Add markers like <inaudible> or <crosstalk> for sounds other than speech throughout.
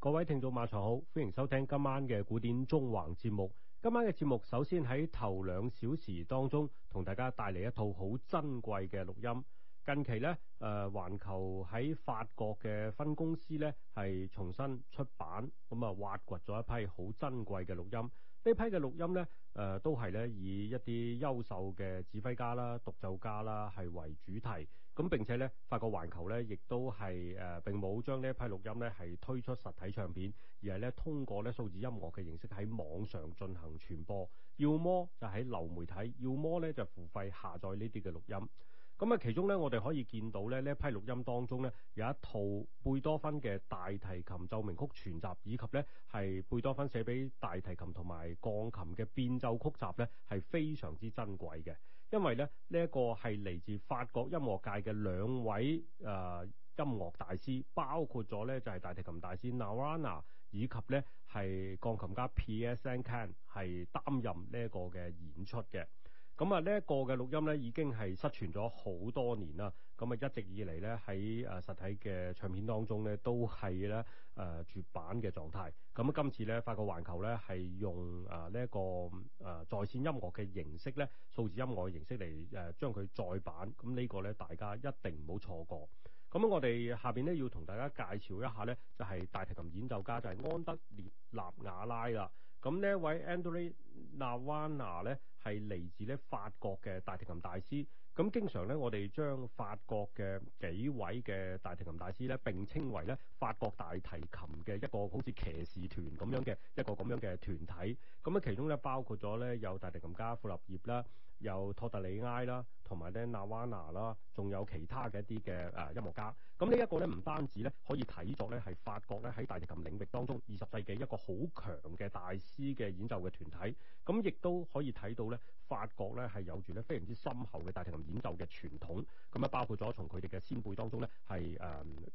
各位聽眾，晚上好，歡迎收聽今晚嘅古典縱橫節目。今晚嘅節目首先喺頭兩小時當中，同大家帶嚟一套好珍貴嘅錄音。近期咧，誒環球喺法國嘅分公司咧係重新出版，咁啊挖掘咗一批好珍貴嘅錄音。這一批的音，呢批嘅錄音咧，誒、呃、都係咧以一啲優秀嘅指揮家啦、獨奏家啦係為主題。咁並且咧，法國環球咧，亦都係誒並冇將呢一批錄音咧係推出實體唱片，而係咧通過咧數字音樂嘅形式喺網上進行傳播，要麼就喺流媒體，要麼咧就付費下載呢啲嘅錄音。咁啊，其中咧，我哋可以見到咧呢一批錄音當中咧有一套貝多芬嘅大提琴奏鳴曲全集，以及咧係貝多芬寫俾大提琴同埋鋼琴嘅變奏曲集咧係非常之珍貴嘅。因為咧呢一，這個係嚟自法國音樂界嘅兩位誒、呃、音樂大師，包括咗咧就係、是、大提琴大師 Nawana 以及咧係鋼琴家 P.S.N.Ken 係擔任呢一個嘅演出嘅。咁、嗯、啊、這個、呢一個嘅錄音咧已經係失傳咗好多年啦。咁啊一直以嚟咧喺誒實體嘅唱片當中咧都係咧誒絕版嘅狀態。咁今次咧法國環球咧係用誒呢一個誒在線音樂嘅形式咧數字音樂嘅形式嚟誒將佢再版。咁呢個咧大家一定唔好錯過。咁我哋下邊咧要同大家介紹一下咧就係大提琴演奏家就係安德烈納瓦拉啦。咁呢一位 André Navarra 咧係嚟自咧法國嘅大提琴大師。咁經常咧，我哋將法國嘅幾位嘅大提琴大師咧，並稱為咧法國大提琴嘅一個好似騎士團咁樣嘅一個咁樣嘅團體。咁咧其中咧包括咗咧有大提琴家傅立葉啦。有托特里埃啦，同埋咧納瓦娜啦，仲有其他嘅一啲嘅誒音樂家。咁呢一個咧，唔單止咧可以睇作咧係法國咧喺大提琴領域當中二十世紀一個好強嘅大師嘅演奏嘅團體，咁亦都可以睇到咧法國咧係有住咧非常之深厚嘅大提琴演奏嘅傳統，咁咧包括咗從佢哋嘅先輩當中咧係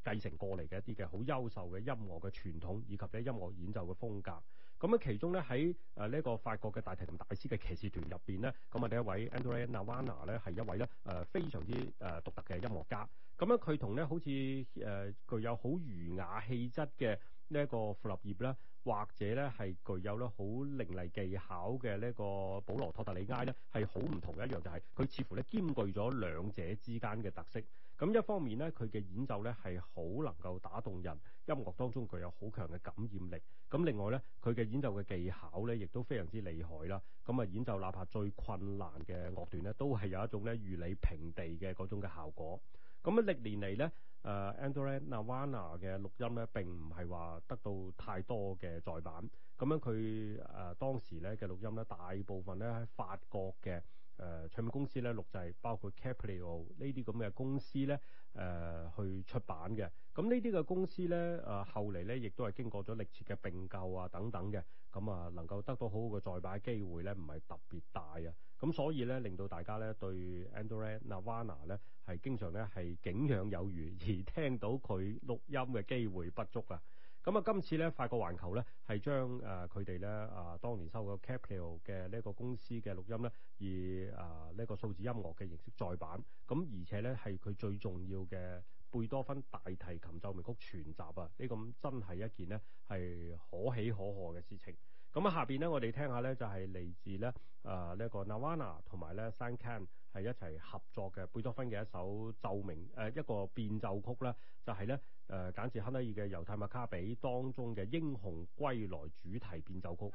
誒繼承過嚟嘅一啲嘅好優秀嘅音樂嘅傳統，以及咧音樂演奏嘅風格。咁啊其中咧喺誒呢個法國嘅大提琴大師嘅騎士團入邊咧，咁啊第一位 André Navarra 咧係一位咧誒非常之誒獨特嘅音樂家。咁樣佢同咧好似誒具有好儒雅氣質嘅呢一個傅立葉咧，或者咧係具有咧好凌厲技巧嘅呢個保羅托特里埃咧，係好唔同嘅一樣，就係、是、佢似乎咧兼具咗兩者之間嘅特色。咁一方面咧，佢嘅演奏咧係好能夠打動人。音樂當中具有好強嘅感染力，咁另外咧，佢嘅演奏嘅技巧咧，亦都非常之厲害啦。咁啊，演奏哪怕最困難嘅樂段咧，都係有一種咧如履平地嘅嗰種嘅效果。咁啊，歷年嚟咧，誒 Andrea Navana 嘅錄音咧並唔係話得到太多嘅再版。咁樣佢誒當時咧嘅錄音咧，大部分咧喺法國嘅。誒唱片公司咧錄製，包括 Capitol 呢啲咁嘅公司咧、呃，去出版嘅。咁呢啲嘅公司咧，誒、呃、後嚟咧亦都係經過咗歷次嘅並購啊等等嘅，咁、嗯、啊能夠得到好好嘅再版機會咧，唔係特別大啊。咁、嗯、所以咧，令到大家咧對 Andrea Navona 咧係經常咧係景仰有餘，而聽到佢錄音嘅機會不足啊。咁啊，今次咧，法國環球咧係將誒佢哋咧啊當年收過 Capitol 嘅呢一個公司嘅錄音咧，以啊呢個數字音樂嘅形式再版，咁而且咧係佢最重要嘅貝多芬大提琴奏鳴曲全集啊，呢個真係一件咧係可喜可賀嘅事情。咁啊，下面咧我哋聽下咧就係嚟自咧啊呢一個 Nawana 同埋咧 Sancan。係一齊合作嘅，貝多芬嘅一首奏鳴，誒、呃、一個變奏曲咧，就係咧誒簡直亨德爾嘅猶太麥卡比當中嘅英雄歸來」主題變奏曲。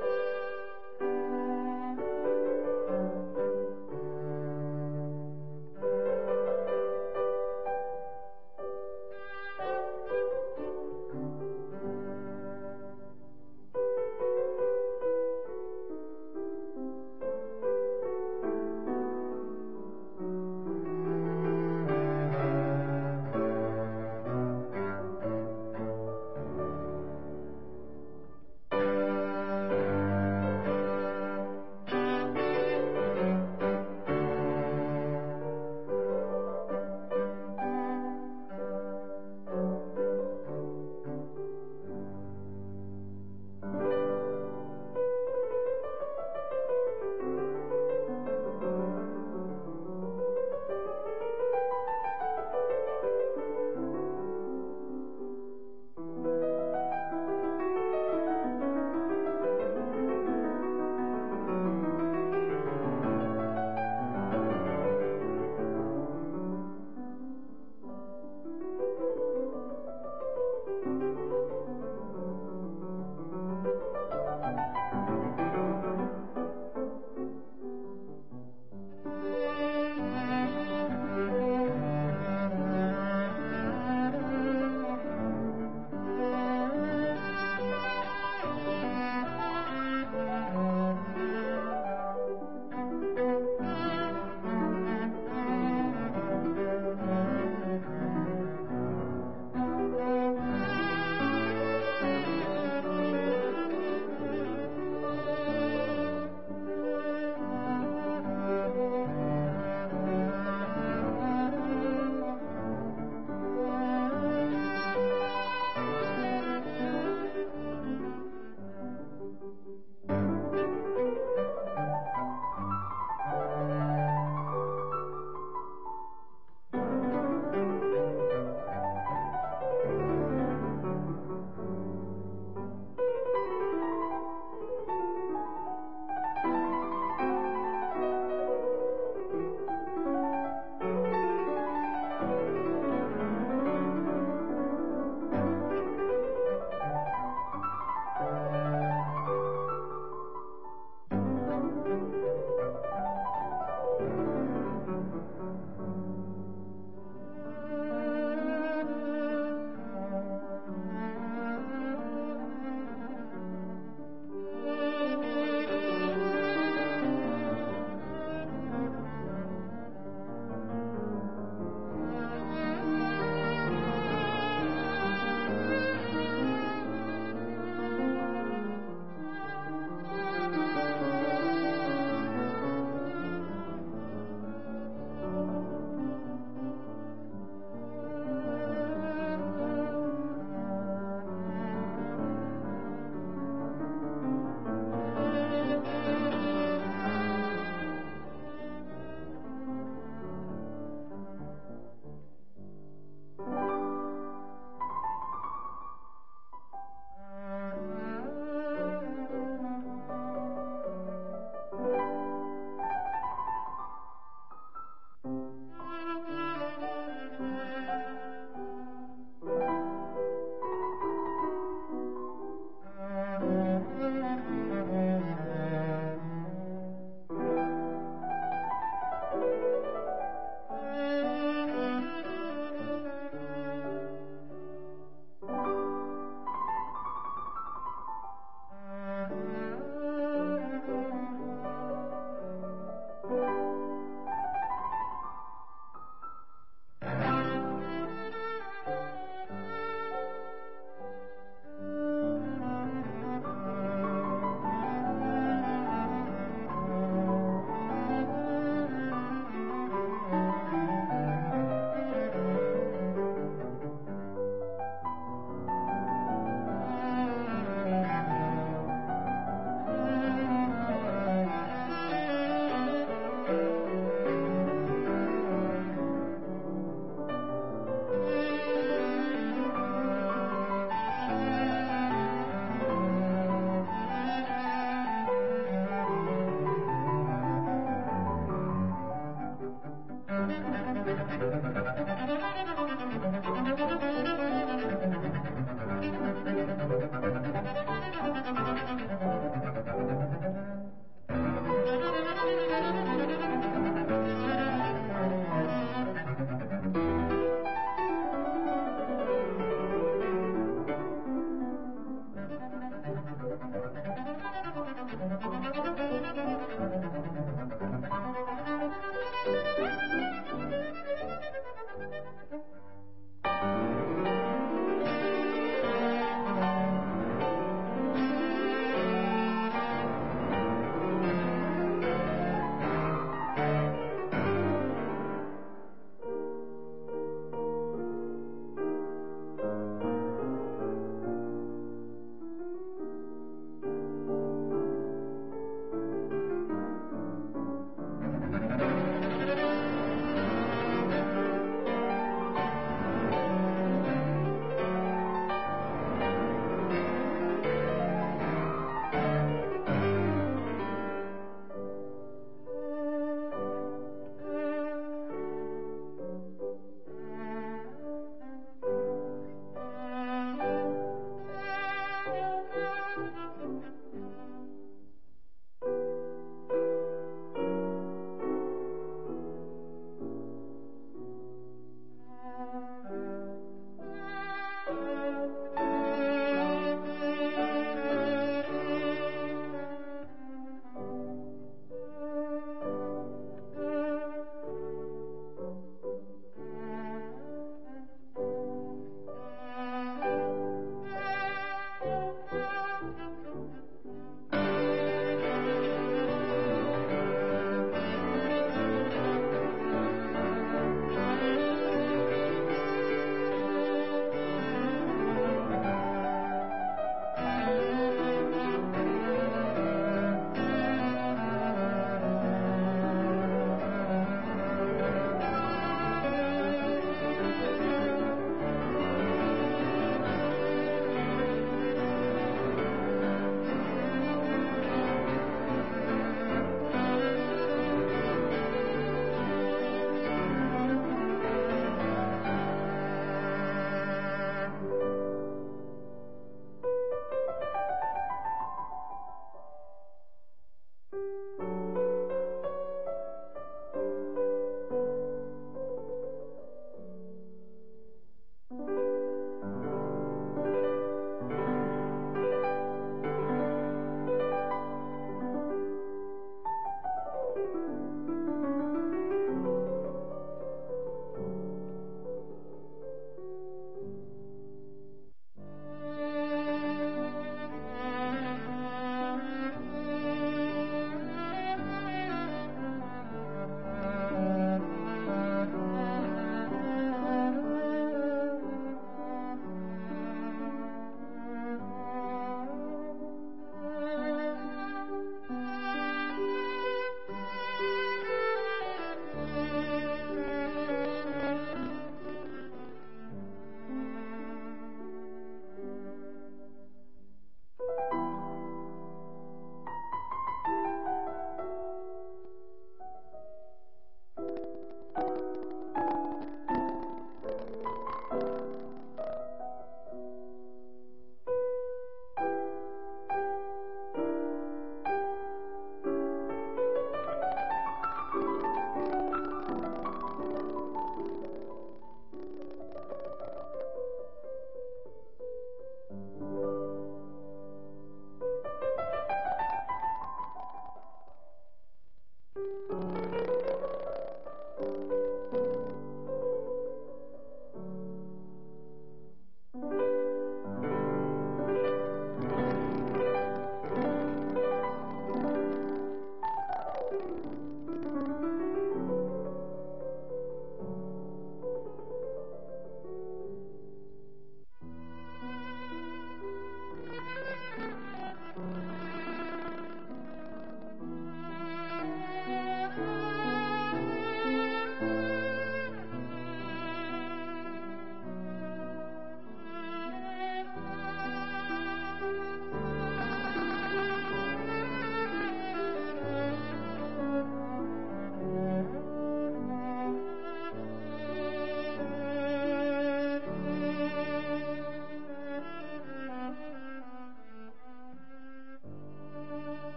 <music>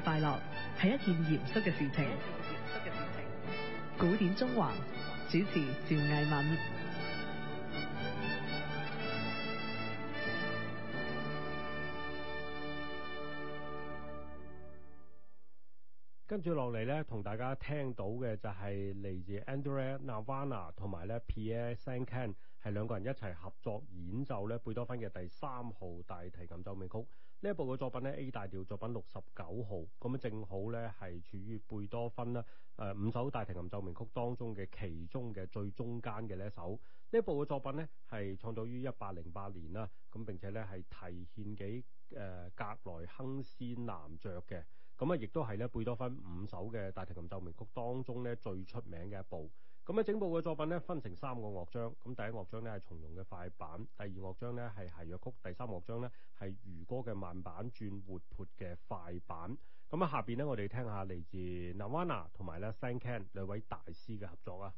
快樂係一件嚴肅嘅事情。古典縱橫主持趙毅敏，跟住落嚟咧，同大家聽到嘅就係嚟自 Andrea Navana 同埋咧 Pierre Sanken 係兩個人一齊合作演奏咧貝多芬嘅第三號大提琴奏鳴曲。呢一部嘅作品咧 A 大調作品六十九號，咁啊正好咧係處於貝多芬啦誒五首大提琴奏鳴曲當中嘅其中嘅最中間嘅呢一首。呢一部嘅作品咧係創作於一八零八年啦，咁並且咧係提獻畀誒格萊亨斯男爵嘅，咁啊亦都係咧貝多芬五首嘅大提琴奏鳴曲當中咧最出名嘅一部。咁咧整部嘅作品咧分成三個樂章，咁第一樂章咧係從容嘅快板，第二樂章咧係諧謔曲，第三樂章咧係如歌嘅慢板轉活潑嘅快板。咁啊下面咧我哋聽下嚟自 Nawana 同埋咧 Sanken，兩位大師嘅合作啊。